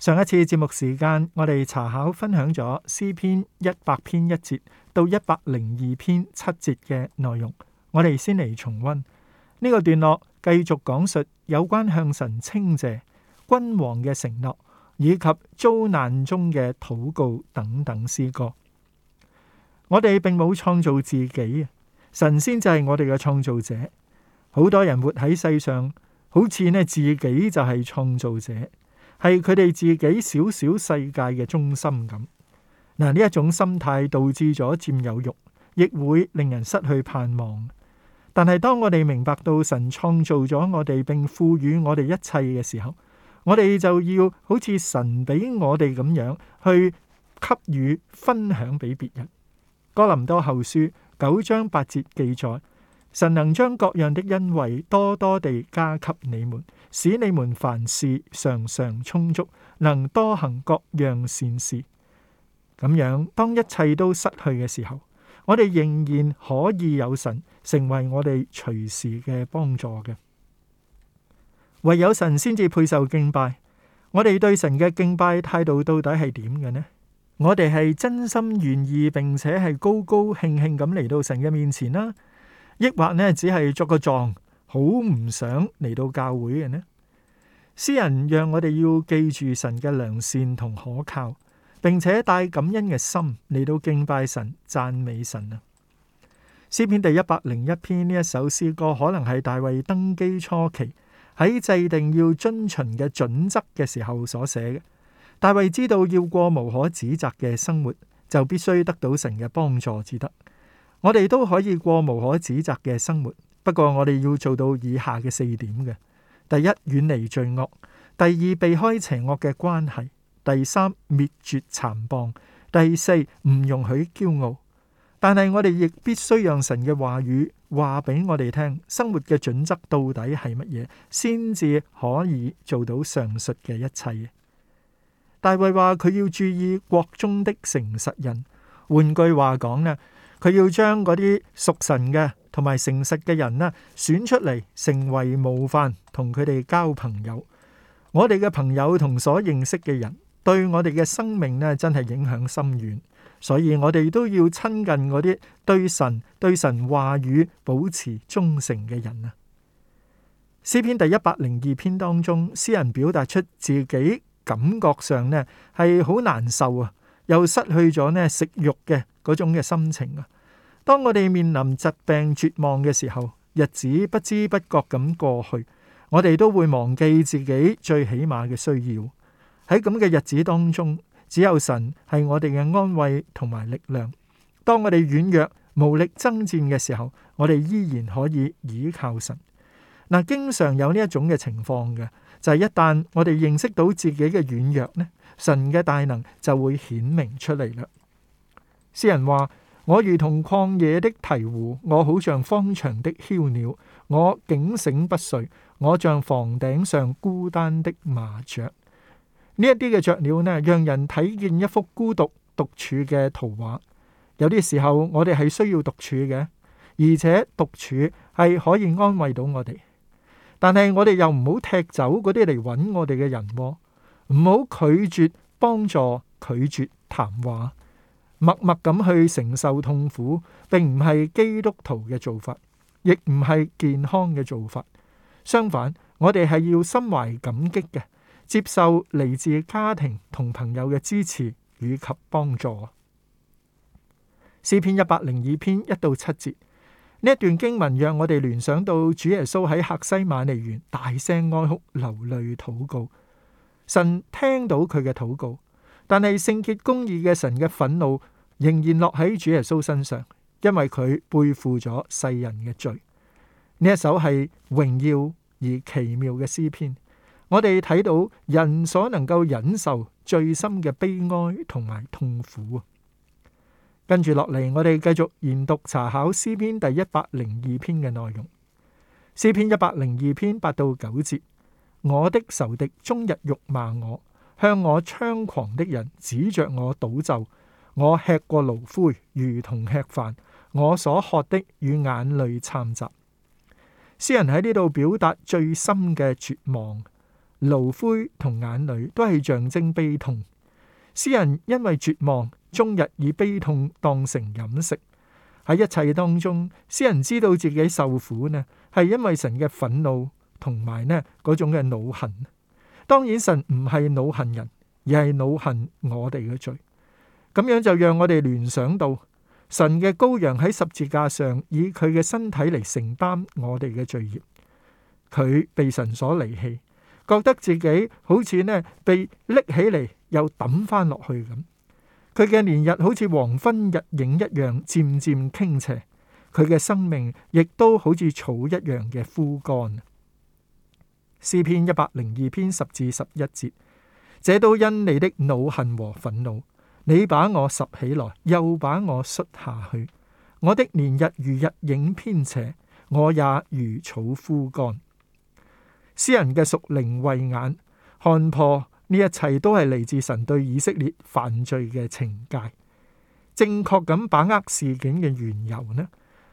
上一次節目時間，我哋查考分享咗詩篇一百篇一節到一百零二篇七節嘅內容，我哋先嚟重温呢個段落，繼續講述有關向神稱謝、君王嘅承諾以及遭難中嘅禱告等等詩歌。我哋並冇創造自己啊，神先就係我哋嘅創造者。好多人活喺世上，好似呢自己就係創造者。係佢哋自己小小世界嘅中心咁。嗱，呢一種心態導致咗佔有欲，亦會令人失去盼望。但係當我哋明白到神創造咗我哋，並賦予我哋一切嘅時候，我哋就要好似神俾我哋咁樣去給予、分享俾別人。哥林多後書九章八節記載：神能將各樣的恩惠多多地加給你們。使你們凡事常常充足，能多行各樣善事。咁樣，當一切都失去嘅時候，我哋仍然可以有神成為我哋隨時嘅幫助嘅。唯有神先至配受敬拜。我哋對神嘅敬拜態度到底係點嘅呢？我哋係真心願意，並且係高高興興咁嚟到神嘅面前啦，抑或呢只係作個狀？好唔想嚟到教會嘅呢？詩人讓我哋要記住神嘅良善同可靠，並且帶感恩嘅心嚟到敬拜神、讚美神啊！詩篇第一百零一篇呢一首詩歌，可能係大衛登基初期喺制定要遵循嘅準則嘅時候所寫嘅。大衛知道要過無可指責嘅生活，就必須得到神嘅幫助至得。我哋都可以過無可指責嘅生活。不過我哋要做到以下嘅四點嘅：第一，遠離罪惡；第二，避開邪惡嘅關係；第三，滅絕殘暴；第四，唔容許驕傲。但係我哋亦必須讓神嘅話語話俾我哋聽，生活嘅準則到底係乜嘢，先至可以做到上述嘅一切。大衛話佢要注意國中的誠實人，換句話講呢，佢要將嗰啲屬神嘅。同埋誠實嘅人呢，選出嚟，成為模範，同佢哋交朋友。我哋嘅朋友同所認識嘅人，對我哋嘅生命呢，真係影響深遠。所以我哋都要親近嗰啲對神、對神話語保持忠誠嘅人啊。詩篇第一百零二篇當中，詩人表達出自己感覺上呢係好難受啊，又失去咗呢食慾嘅嗰種嘅心情啊。當我哋面臨疾病絕望嘅時候，日子不知不覺咁過去，我哋都會忘記自己最起碼嘅需要。喺咁嘅日子當中，只有神係我哋嘅安慰同埋力量。當我哋軟弱無力爭戰嘅時候，我哋依然可以倚靠神。嗱，經常有呢一種嘅情況嘅，就係一旦我哋認識到自己嘅軟弱呢，神嘅大能就會顯明出嚟啦。詩人話。我如同曠野的鵜鶘，我好像荒場的梟鳥，我警醒不睡，我像房頂上孤單的麻雀。呢一啲嘅雀鳥呢，讓人睇見一幅孤獨獨處嘅圖畫。有啲時候，我哋係需要獨處嘅，而且獨處係可以安慰到我哋。但係我哋又唔好踢走嗰啲嚟搵我哋嘅人喎，唔好拒絕幫助，拒絕談話。默默咁去承受痛苦，並唔係基督徒嘅做法，亦唔係健康嘅做法。相反，我哋係要心懷感激嘅，接受嚟自家庭同朋友嘅支持以及幫助。詩篇一百零二篇一到七節呢一段經文，讓我哋聯想到主耶穌喺客西馬尼園大聲哀哭流淚禱告，神聽到佢嘅禱告。但係聖潔公義嘅神嘅憤怒仍然落喺主耶穌身上，因為佢背負咗世人嘅罪。呢一首係榮耀而奇妙嘅詩篇，我哋睇到人所能夠忍受最深嘅悲哀同埋痛苦啊！跟住落嚟，我哋繼續研讀查考詩篇第一百零二篇嘅內容。詩篇一百零二篇八到九節：我的仇敵終日辱罵我。向我猖狂的人指着我賭咒，我吃過爐灰如同吃飯，我所喝的與眼淚摻雜。詩人喺呢度表達最深嘅絕望，爐灰同眼淚都係象徵悲痛。詩人因為絕望，終日以悲痛當成飲食。喺一切當中，詩人知道自己受苦呢，係因為神嘅憤怒同埋呢嗰種嘅惱恨。當然，神唔係惱恨人，而係惱恨我哋嘅罪。咁樣就讓我哋聯想到神嘅羔羊喺十字架上，以佢嘅身體嚟承擔我哋嘅罪孽。佢被神所離棄，覺得自己好似呢被拎起嚟，又抌翻落去咁。佢嘅年日好似黃昏日影一樣，漸漸傾斜。佢嘅生命亦都好似草一樣嘅枯乾。詩篇一百零二篇十至十一節，這都因你的惱恨和憤怒，你把我拾起來，又把我摔下去。我的年日如日影偏斜，我也如草枯乾。詩人嘅屬靈慧眼看破呢一切都係嚟自神對以色列犯罪嘅懲戒。正確咁把握事件嘅緣由呢，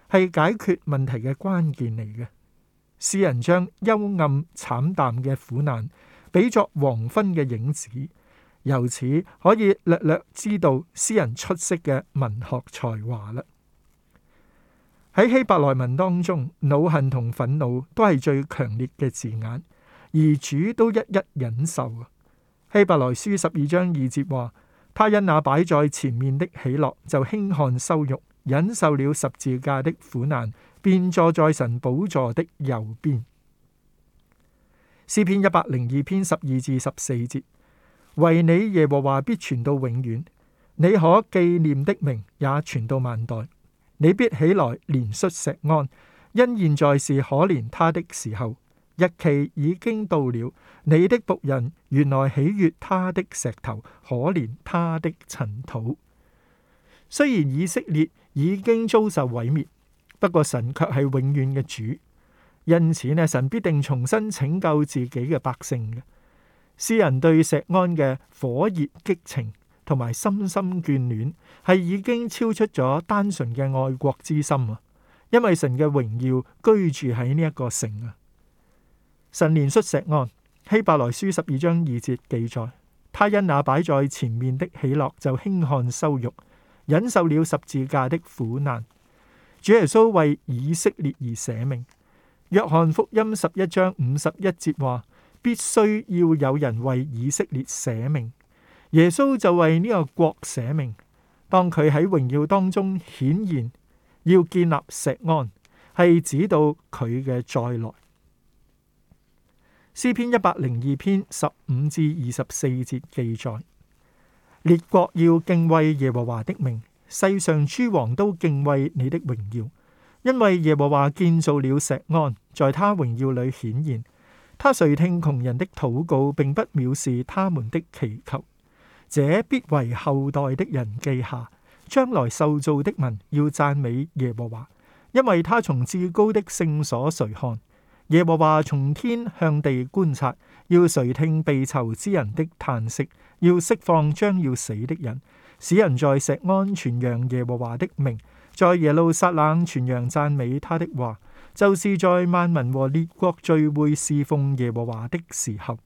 係解決問題嘅關鍵嚟嘅。詩人將幽暗慘淡嘅苦難比作黃昏嘅影子，由此可以略略知道詩人出色嘅文學才華啦。喺希伯來文當中，惱恨同憤怒都係最強烈嘅字眼，而主都一一忍受。希伯來書十二章二節話，他因那擺在前面的喜樂，就輕看羞辱，忍受了十字架的苦難。便坐在神寶座的右邊。詩篇一百零二篇十二至十四節：為你耶和華必存到永遠，你可紀念的名也存到萬代。你必起來，憐恤錫安，因現在是可憐他的時候。日期已經到了，你的僕人原來喜悅他的石頭，可憐他的塵土。雖然以色列已經遭受毀滅。不過神卻係永遠嘅主，因此呢，神必定重新拯救自己嘅百姓嘅。詩人對石安嘅火熱激情同埋深深眷戀，係已經超出咗單純嘅愛國之心啊！因為神嘅榮耀居住喺呢一個城啊。神憐恤石安，《希伯來書》十二章二節記載，他因那擺在前面的喜樂，就輕看羞辱，忍受了十字架的苦難。主耶穌為以色列而捨命。約翰福音十一章五十一節話，必須要有人為以色列捨命。耶穌就為呢個國捨命。當佢喺榮耀當中顯現，要建立錫安，係指到佢嘅再來。詩篇一百零二篇十五至二十四節記載，列國要敬畏耶和華的名。世上諸王都敬畏你的榮耀，因為耶和華建造了錫安，在他榮耀裏顯現。他垂聽窮人的禱告，並不藐視他們的祈求。這必為後代的人記下，將來受造的民要讚美耶和華，因為他從至高的聖所垂看，耶和華從天向地觀察，要垂聽被囚之人的嘆息，要釋放將要死的人。使人在錫安傳揚耶和華的名，在耶路撒冷傳揚讚美他的話，就是在萬民和列國聚會侍奉耶和華的時候。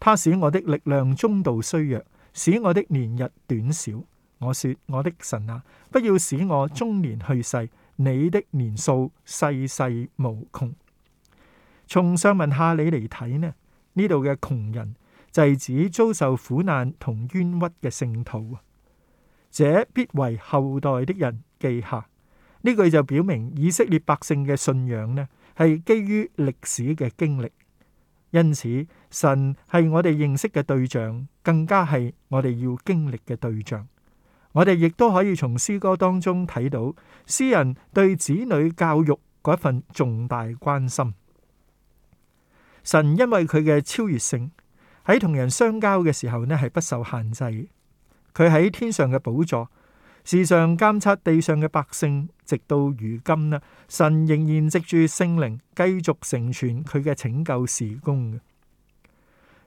他使我的力量中道衰弱，使我的年日短少。我說：我的神啊，不要使我中年去世。你的年數世世無窮。從上文下理嚟睇呢，呢度嘅窮人就係指遭受苦難同冤屈嘅聖徒。這必為後代的人記下，呢句就表明以色列百姓嘅信仰呢係基於歷史嘅經歷。因此，神係我哋認識嘅對象，更加係我哋要經歷嘅對象。我哋亦都可以從詩歌當中睇到詩人對子女教育嗰一份重大關心。神因為佢嘅超越性，喺同人相交嘅時候呢係不受限制。佢喺天上嘅寶座，時常監察地上嘅百姓，直到如今呢，神仍然藉住聖靈繼續成全佢嘅拯救事工。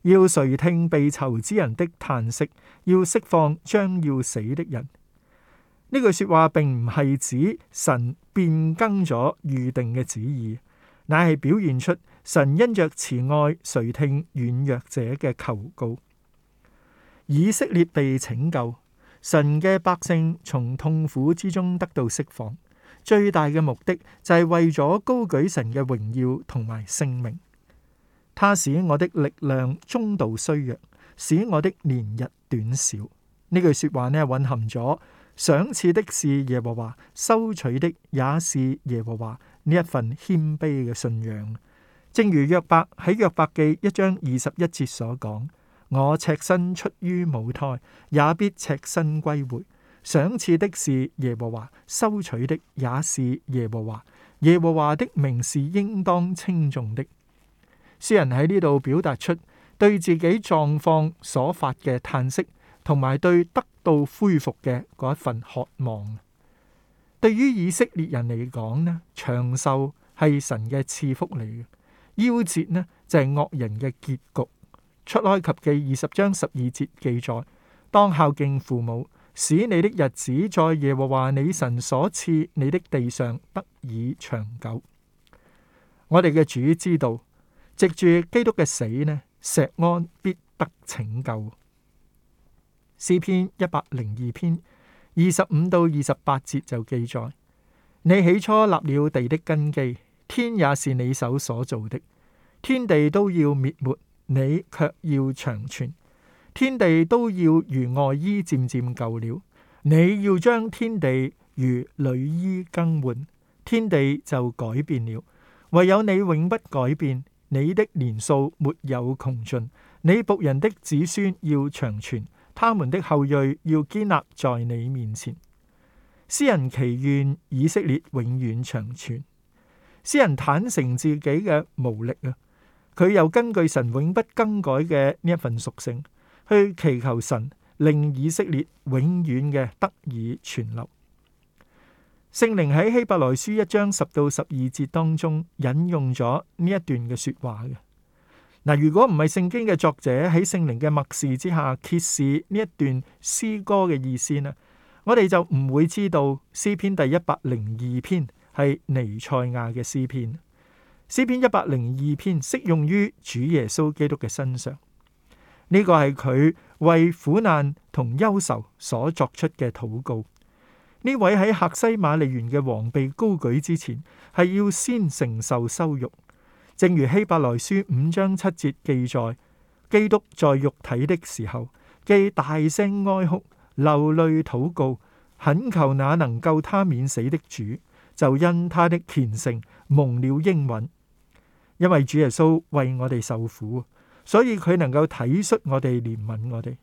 要垂聽被囚之人的嘆息，要釋放將要死的人。呢句說話並唔係指神變更咗預定嘅旨意，乃係表現出神因着慈愛垂聽軟弱者嘅求告。以色列被拯救，神嘅百姓從痛苦之中得到釋放。最大嘅目的就係為咗高舉神嘅榮耀同埋聖名。他使我的力量中度衰弱，使我的年日短少。呢句說話呢，蘊含咗賞賜的是耶和華，收取的也是耶和華，呢一份謙卑嘅信仰。正如約伯喺約伯記一章二十一節所講。我赤身出於母胎，也必赤身歸回。賞賜的是耶和華，收取的也是耶和華。耶和華的名是應當稱頌的。詩人喺呢度表達出對自己狀況所發嘅嘆息，同埋對得到恢復嘅嗰一份渴望。對於以色列人嚟講呢，長壽係神嘅賜福嚟嘅，夭折呢就係惡人嘅結局。出埃及記二十章十二節記載：當孝敬父母，使你的日子在耶和華你神所賜你的地上得以長久。我哋嘅主知道，藉住基督嘅死呢，錫安必得拯救。詩篇一百零二篇二十五到二十八節就記載：你起初立了地的根基，天也是你手所造的，天地都要滅沒。你卻要長存，天地都要如外衣漸漸舊了，你要將天地如裡衣更換，天地就改變了。唯有你永不改變，你的年數沒有窮盡，你僕人的子孫要長存，他們的後裔要堅立在你面前。詩人祈願以色列永遠長存。詩人坦承自己嘅無力啊。佢又根據神永不更改嘅呢一份屬性，去祈求神令以色列永遠嘅得以存留。聖靈喺希伯來書一章十到十二節當中引用咗呢一段嘅説話嘅。嗱，如果唔係聖經嘅作者喺聖靈嘅默示之下揭示呢一段詩歌嘅意思呢，我哋就唔會知道詩篇第一百零二篇係尼賽亞嘅詩篇。詩篇一百零二篇適用於主耶穌基督嘅身上，呢、這個係佢為苦難同憂愁所作出嘅禱告。呢位喺客西馬利園嘅王被高舉之前，係要先承受羞辱。正如希伯來書五章七節記載，基督在肉體的時候，既大聲哀哭流淚禱告，懇求那能救他免死的主，就因他的虔誠蒙了應允。因為主耶穌為我哋受苦，所以佢能夠體恤我哋、憐憫我哋。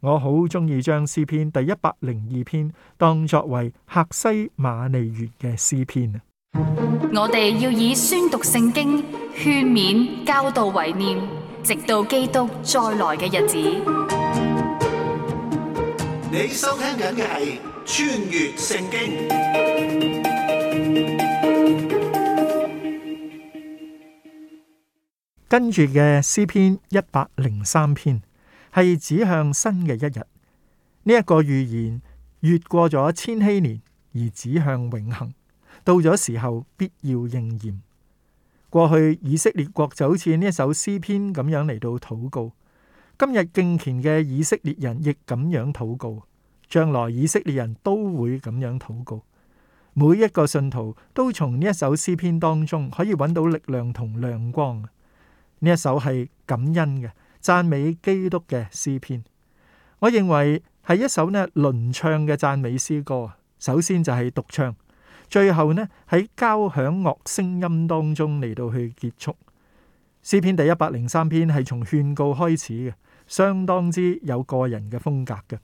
我好鍾意將詩篇第一百零二篇當作為客西馬尼園嘅詩篇。我哋要以宣讀聖經、勸勉、教導、為念，直到基督再來嘅日子。你收聽緊嘅係《穿越聖經》。跟住嘅詩篇一百零三篇係指向新嘅一日。呢一個預言越過咗千禧年而指向永恆，到咗時候必要應驗。過去以色列國就好似呢一首詩篇咁樣嚟到禱告，今日敬虔嘅以色列人亦咁樣禱告，將來以色列人都會咁樣禱告。每一個信徒都從呢一首詩篇當中可以揾到力量同亮光。呢一首係感恩嘅讚美基督嘅詩篇，我認為係一首呢輪唱嘅讚美詩歌。首先就係獨唱，最後呢喺交響樂聲音當中嚟到去結束。詩篇第一百零三篇係從勸告開始嘅，相當之有個人嘅風格嘅。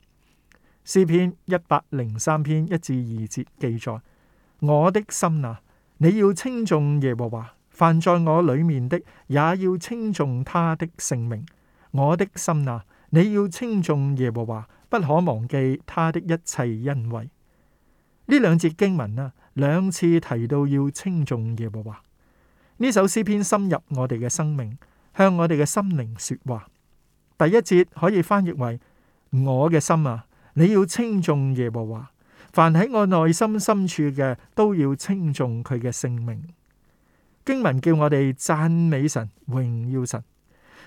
詩篇一百零三篇一至二節記載：我的心啊，你要稱頌耶和華。凡在我裏面的，也要稱頌他的聖名。我的心啊，你要稱頌耶和華，不可忘記他的一切恩惠。呢兩節經文啊，兩次提到要稱頌耶和華。呢首詩篇深入我哋嘅生命，向我哋嘅心靈說話。第一節可以翻譯為：我嘅心啊，你要稱頌耶和華。凡喺我內心深處嘅，都要稱頌佢嘅聖名。經文叫我哋讚美神、榮耀神，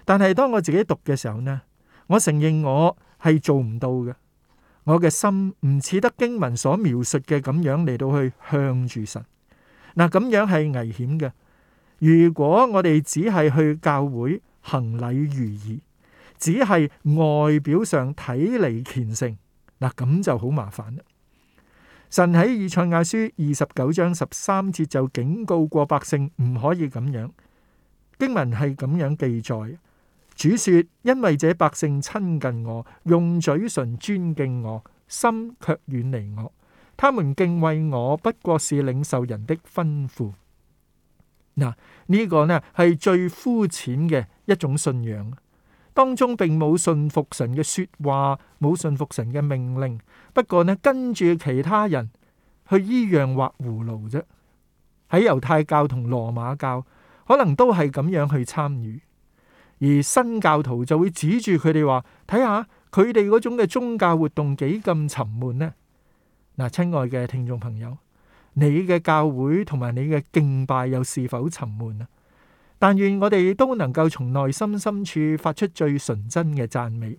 但係當我自己讀嘅時候呢，我承認我係做唔到嘅，我嘅心唔似得經文所描述嘅咁樣嚟到去向住神。嗱，咁樣係危險嘅。如果我哋只係去教會行禮如儀，只係外表上睇嚟虔誠，嗱，咁就好麻煩啦。神喺以賽亞書二十九章十三節就警告過百姓唔可以咁樣，經文係咁樣記載，主說：因為這百姓親近我，用嘴唇尊敬我，心卻遠離我，他們敬畏我不過是領受人的吩咐。嗱，呢個呢，係最膚淺嘅一種信仰。當中並冇信服神嘅說話，冇信服神嘅命令。不過呢，跟住其他人去依樣畫葫蘆啫。喺猶太教同羅馬教，可能都係咁樣去參與。而新教徒就會指住佢哋話：睇下佢哋嗰種嘅宗教活動幾咁沉悶呢？嗱，親愛嘅聽眾朋友，你嘅教會同埋你嘅敬拜又是否沉悶啊？但願我哋都能夠從內心深處發出最純真嘅讚美。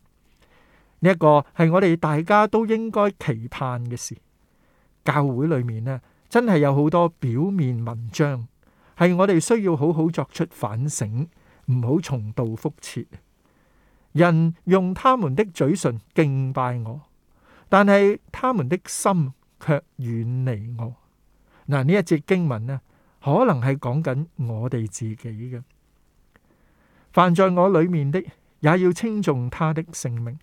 呢一個係我哋大家都應該期盼嘅事。教會裏面呢，真係有好多表面文章，係我哋需要好好作出反省，唔好重蹈覆轍。人用他們的嘴唇敬拜我，但係他們的心卻遠離我。嗱，呢一節經文呢，可能係講緊我哋自己嘅，凡在我裏面的，也要稱頌他的聖名。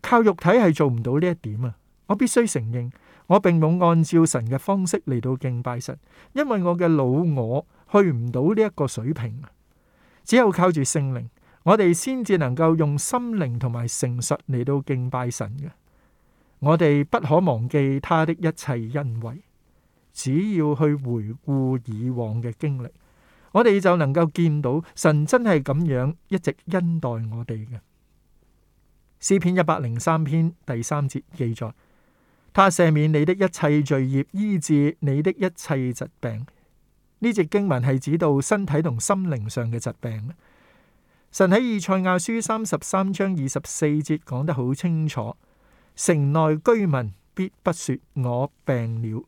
靠肉體係做唔到呢一點啊！我必須承認，我並冇按照神嘅方式嚟到敬拜神，因為我嘅老我去唔到呢一個水平。只有靠住聖靈，我哋先至能夠用心靈同埋誠實嚟到敬拜神嘅。我哋不可忘記他的一切恩惠。只要去回顧以往嘅經歷，我哋就能夠見到神真係咁樣一直恩待我哋嘅。詩篇一百零三篇第三節記載，他赦免你的一切罪孽，醫治你的一切疾病。呢節經文係指到身體同心靈上嘅疾病。神喺以賽亞書三十三章二十四節講得好清楚，城內居民必不說我病了。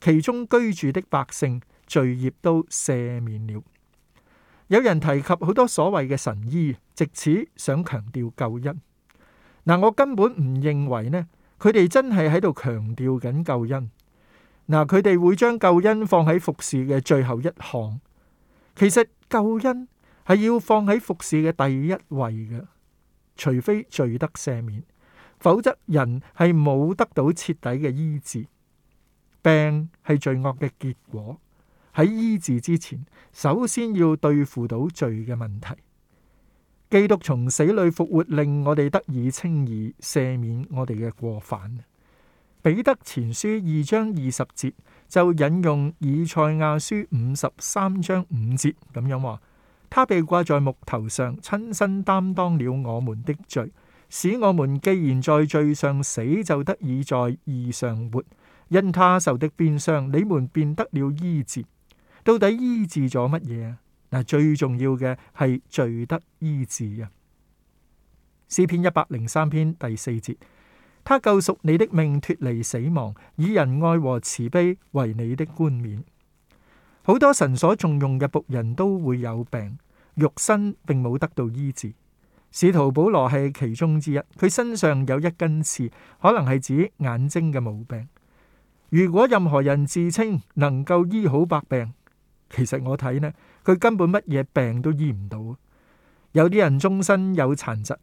其中居住的百姓罪孽都赦免了。有人提及好多所謂嘅神醫，藉此想強調救恩。嗱、啊，我根本唔認為呢，佢哋真係喺度強調緊救恩。嗱、啊，佢哋會將救恩放喺服侍嘅最後一項。其實救恩係要放喺服侍嘅第一位嘅，除非罪得赦免，否則人係冇得到徹底嘅醫治。病係罪惡嘅結果，喺醫治之前，首先要對付到罪嘅問題。基督從死裡復活，令我哋得以輕易赦免我哋嘅過犯。彼得前書二章二十節就引用以賽亞書五十三章五節，咁樣話：他被掛在木頭上，親身擔當了我們的罪，使我們既然在罪上死，就得以在義上活。因他受的鞭傷，你們便得了醫治。到底醫治咗乜嘢啊？嗱，最重要嘅係罪得醫治啊。詩篇一百零三篇第四節：他救贖你的命脱離死亡，以仁愛和慈悲為你的冠冕。好多神所重用嘅僕人都會有病，肉身並冇得到醫治。使徒保羅係其中之一，佢身上有一根刺，可能係指眼睛嘅毛病。如果任何人自稱能夠醫好百病，其實我睇呢，佢根本乜嘢病都醫唔到。有啲人終身有殘疾，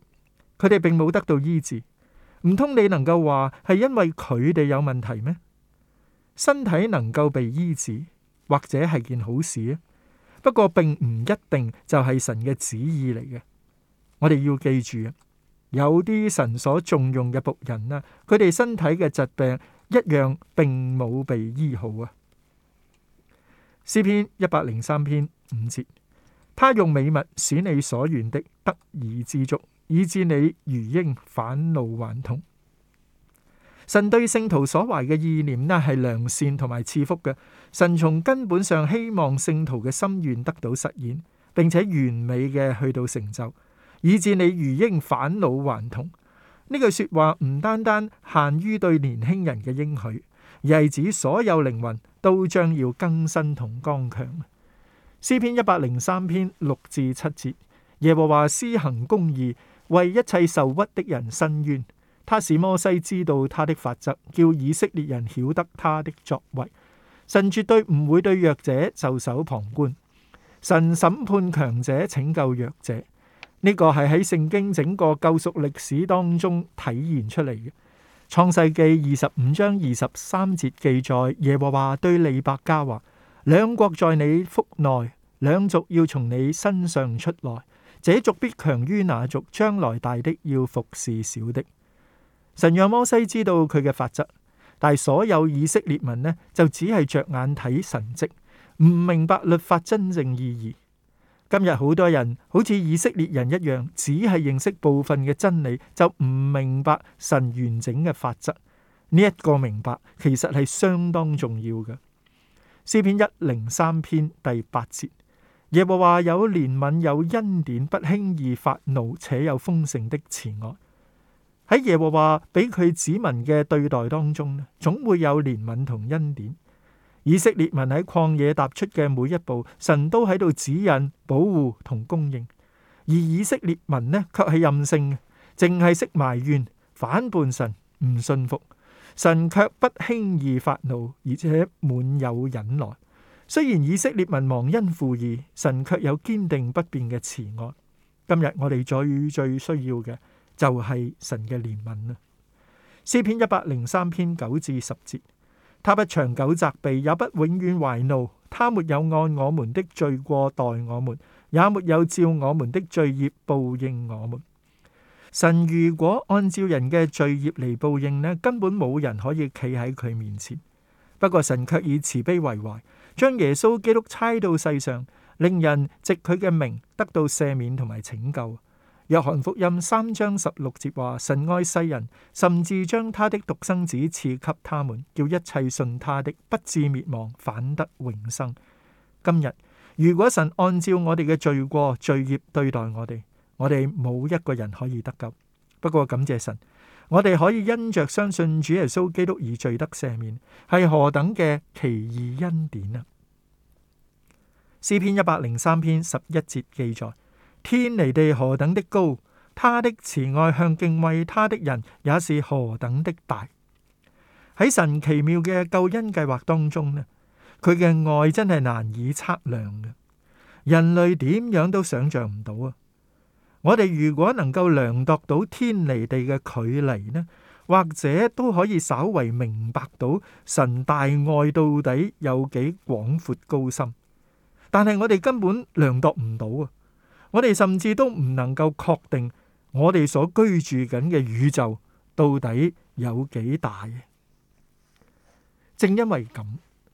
佢哋並冇得到醫治。唔通你能夠話係因為佢哋有問題咩？身體能夠被醫治或者係件好事啊，不過並唔一定就係神嘅旨意嚟嘅。我哋要記住啊，有啲神所重用嘅僕人啦，佢哋身體嘅疾病。一樣並冇被醫好啊。詩篇一百零三篇五節，他用美物使你所願的，得以知足，以致你如鷹返老還童。神對聖徒所懷嘅意念呢，係良善同埋賜福嘅。神從根本上希望聖徒嘅心願得到實現，並且完美嘅去到成就，以致你如鷹返老還童。呢句說話唔單單限於對年輕人嘅應許，而係指所有靈魂都將要更新同剛強。詩篇一百零三篇六至七節：耶和華施行公義，為一切受屈的人伸冤。他使摩西知道他的法則，叫以色列人曉得他的作為。神絕對唔會對弱者袖手旁觀。神審判強者，拯救弱者。呢個係喺聖經整個救贖歷史當中體現出嚟嘅。創世記二十五章二十三節記載，耶和華對利百加話：兩國在你腹內，兩族要從你身上出來，這族必強於那族，將來大的要服侍小的。神讓摩西知道佢嘅法則，但係所有以色列民呢就只係着眼睇神跡，唔明白律法真正意義。今日好多人好似以色列人一樣，只係認識部分嘅真理，就唔明白神完整嘅法則。呢、這、一個明白其實係相當重要嘅。詩篇一零三篇第八節，耶和華有憐憫，有恩典，不輕易發怒，且有豐盛的慈愛。喺耶和華俾佢子民嘅對待當中咧，總會有憐憫同恩典。以色列民喺曠野踏出嘅每一步，神都喺度指引、保護同供應；而以色列民呢，卻係任性，淨係識埋怨、反叛神、唔信服。神卻不輕易發怒，而且滿有忍耐。雖然以色列民忘恩負義，神卻有堅定不變嘅慈愛。今日我哋最最需要嘅就係、是、神嘅憐憫啦。詩篇一百零三篇九至十節。他不長久責備，也不永遠懷怒。他沒有按我們的罪過待我們，也沒有照我們的罪孽報應我們。神如果按照人嘅罪孽嚟報應呢，根本冇人可以企喺佢面前。不過神卻以慈悲為懷，將耶穌基督差到世上，令人藉佢嘅名得到赦免同埋拯救。約翰福音三章十六節話：神愛世人，甚至將他的獨生子賜給他們，叫一切信他的不至滅亡，反得永生。今日如果神按照我哋嘅罪過、罪孽對待我哋，我哋冇一個人可以得救。不過感謝神，我哋可以因着相信主耶穌基督而罪得赦免，係何等嘅奇異恩典啊！詩篇一百零三篇十一節記載。天離地何等的高，他的慈愛向敬畏他的人也是何等的大。喺神奇妙嘅救恩計劃當中呢，佢嘅愛真係難以測量嘅。人類點樣都想象唔到啊！我哋如果能夠量度到天離地嘅距離呢，或者都可以稍微明白到神大愛到底有幾廣闊高深，但係我哋根本量度唔到啊！我哋甚至都唔能夠確定我哋所居住緊嘅宇宙到底有幾大。正因為咁，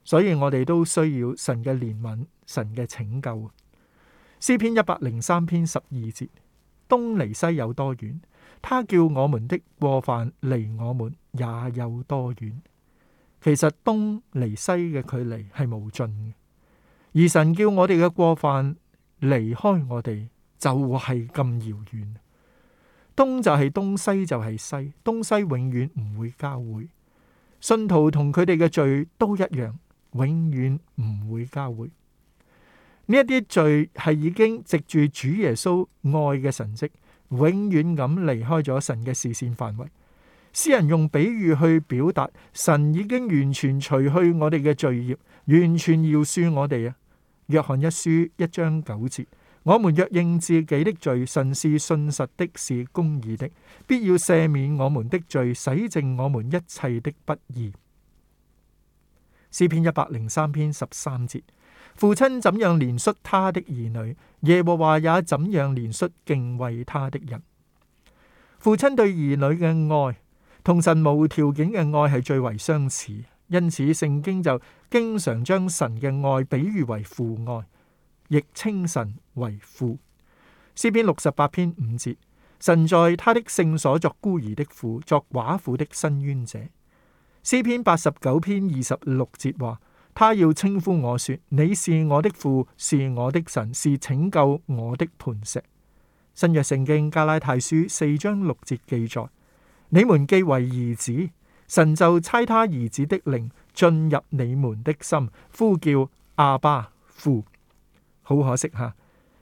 所以我哋都需要神嘅憐憫、神嘅拯救。詩篇一百零三篇十二節：東離西有多遠？他叫我們的過犯離我們也有多遠？其實東離西嘅距離係無盡嘅，而神叫我哋嘅過犯。離開我哋就係咁遙遠，東就係東，西就係西，東西永遠唔會交匯。信徒同佢哋嘅罪都一樣，永遠唔會交匯。呢一啲罪係已經藉住主耶穌愛嘅神蹟，永遠咁離開咗神嘅視線範圍。詩人用比喻去表達，神已經完全除去我哋嘅罪孽，完全饒恕我哋啊！約翰一書一章九節，我們若認自己的罪，神是信實的，是公義的，必要赦免我們的罪，洗淨我們一切的不義。」詩篇一百零三篇十三節，父親怎樣憐恤他的兒女，耶和華也怎樣憐恤敬畏他的人。父親對兒女嘅愛，同神無條件嘅愛係最為相似。因此，聖經就經常將神嘅愛比喻為父愛，亦稱神為父。詩篇六十八篇五節，神在他的聖所作孤兒的父，作寡婦的申冤者。詩篇八十九篇二十六節話，他要稱呼我說：你是我的父，是我的神，是拯救我的磐石。新約聖經加拉太書四章六節記載：你們既為兒子。神就差他兒子的靈進入你們的心，呼叫阿爸父，好可惜吓。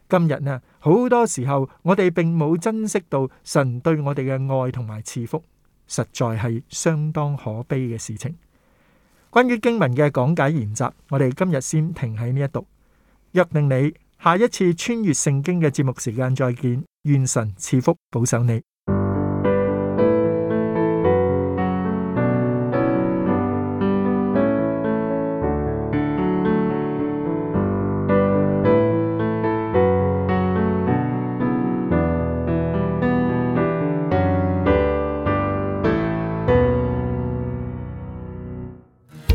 今日呢好多時候，我哋並冇珍惜到神對我哋嘅愛同埋賜福，實在係相當可悲嘅事情。關於經文嘅講解研習，我哋今日先停喺呢一度。約定你下一次穿越聖經嘅節目時間再見。願神賜福保守你。